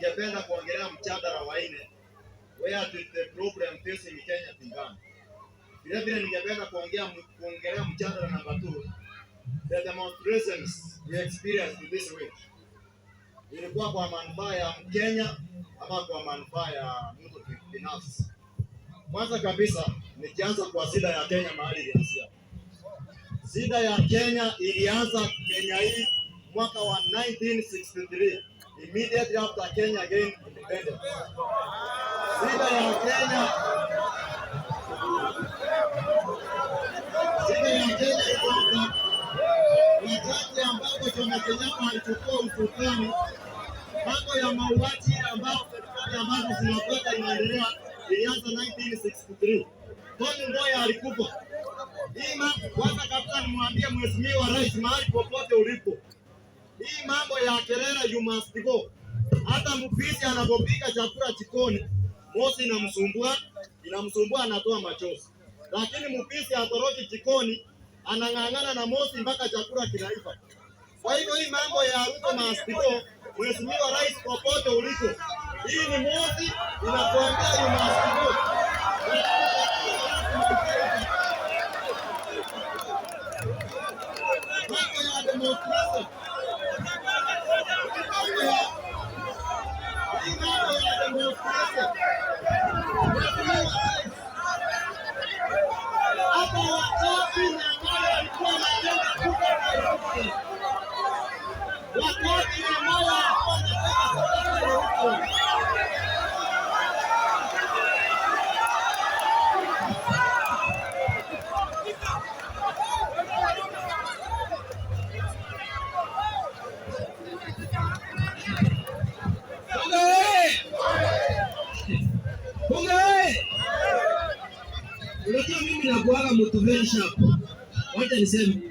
ningependa kuongelea mchadara wa ine where did the problem facing Kenya begin. Vile vile ningependa kuongea kuongelea mchadara namba 2 the demonstrations we experienced this week. Ilikuwa kwa manufaa ya Mkenya ama kwa manufaa ya mtu binafsi? Kwanza kabisa nikianza kwa shida ya Kenya mahali ilianzia. Shida ya Kenya ilianza Kenya hii mwaka wa 1963 immediately after Kenya gained independence. Shida in Kenya, shida ya Kenya ikoa wakati ambapo Jomo Kenyatta alichukua usukani, mambo ya mauaji ambayo serikali ambazo zinakwenda inaendelea ilianza 1963 Tony Mboya alikufa. Ima kwanza kabisa nimwambie mheshimiwa rais mahali popote ulipo hii mambo ya kelele you must go. Hata mpishi anapopika chakula jikoni, mosi inamsumbua, inamsumbua anatoa machozi. Lakini mpishi atoroki jikoni, anang'ang'ana na mosi mpaka chakula kinaiva. Kwa hivyo hii mambo ya Ruto must go, Mheshimiwa Rais, popote uliko, hii ni mosi inakuambia you must go. Mambo ya Ulikuwa mimi na kuaga mtu vesha que Wacha niseme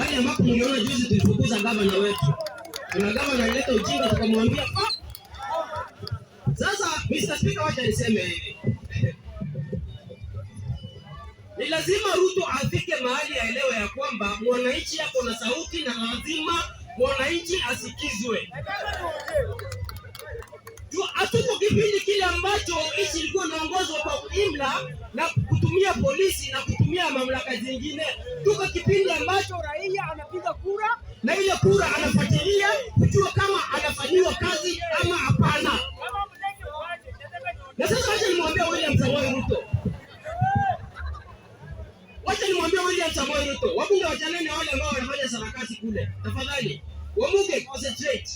ya ambapo mmeona juzi tulifukuza gavana wetu, kuna gavana alileta ujinga, tukamwambia ah! sasa. Mr. Speaker, wacha niseme hivi, ni lazima Ruto afike mahali aelewe ya kwamba mwananchi ako na sauti na lazima mwananchi asikizwe. Hatuko kipindi kile ambacho nchi ilikuwa inaongozwa kwa kuimla na kutumia polisi na kutumia mamlaka zingine. Tuko kipindi ambacho raia anapiga kura na ile kura anafuatilia kujua kama anafanyiwa kazi ama hapana. Na sasa wacha nimwambia William Samoei Ruto, wacha nimwambia William Samoei Ruto, wabunge wachaneni wale ambao wanafanya sarakasi kule, tafadhali wamuge concentrate.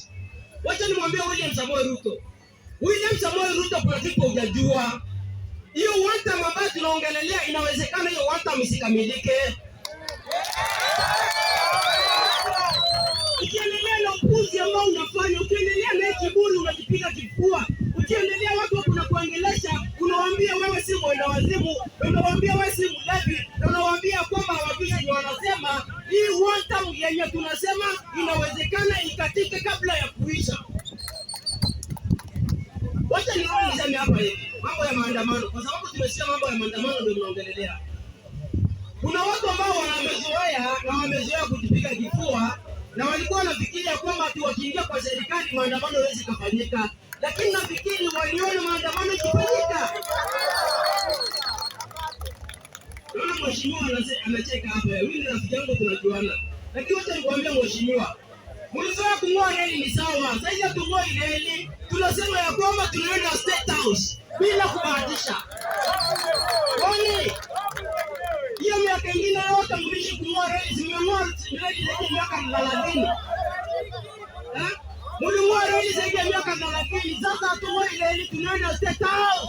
Wacha nimwambie William Samoei Ruto William Samoei Ruto project hujajua. Hiyo wata ambayo tunaongelelea inawezekana hiyo wata misikamilike. Ukiendelea na upuzi ambao unafanya, ukiendelea na kiburi unajipiga kifua, ukiendelea watu wako kuongelesha, unawaambia wewe si mwenda wazimu, unawaambia wewe si mlevi, unawaambia kwamba hawajui ni wanasema. Hii wata yenye tunasema inawezekana ikatike kabla ya kuisha. Wacha nione niseme hapa hivi mambo ya maandamano, kwa sababu tumesikia mambo ya maandamano ndio mnaongelelea. Kuna watu ambao wamezoea na wamezoea kujipiga kifua na walikuwa wanafikiria kwamba ati wakiingia kwa serikali maandamano yawezi kufanyika, lakini nafikiri waliona maandamano ikifanyika. Mheshimiwa anacheka hapa, mimi na rafiki yangu tunajuana, lakini wacha nikwambia mheshimiwa mlizoea kung'oa reli ni sawa, saizi hatung'oi reli. Tunasema ya kwamba tunaenda State House bila kubahatisha, kwani hiyo miaka ingine yote mlishi kung'oa reli, zimeng'oa reli zaidi ya miaka thelathini mling'oa reli zaidi ya miaka thelathini Sasa hatung'oi reli, tunaenda State House.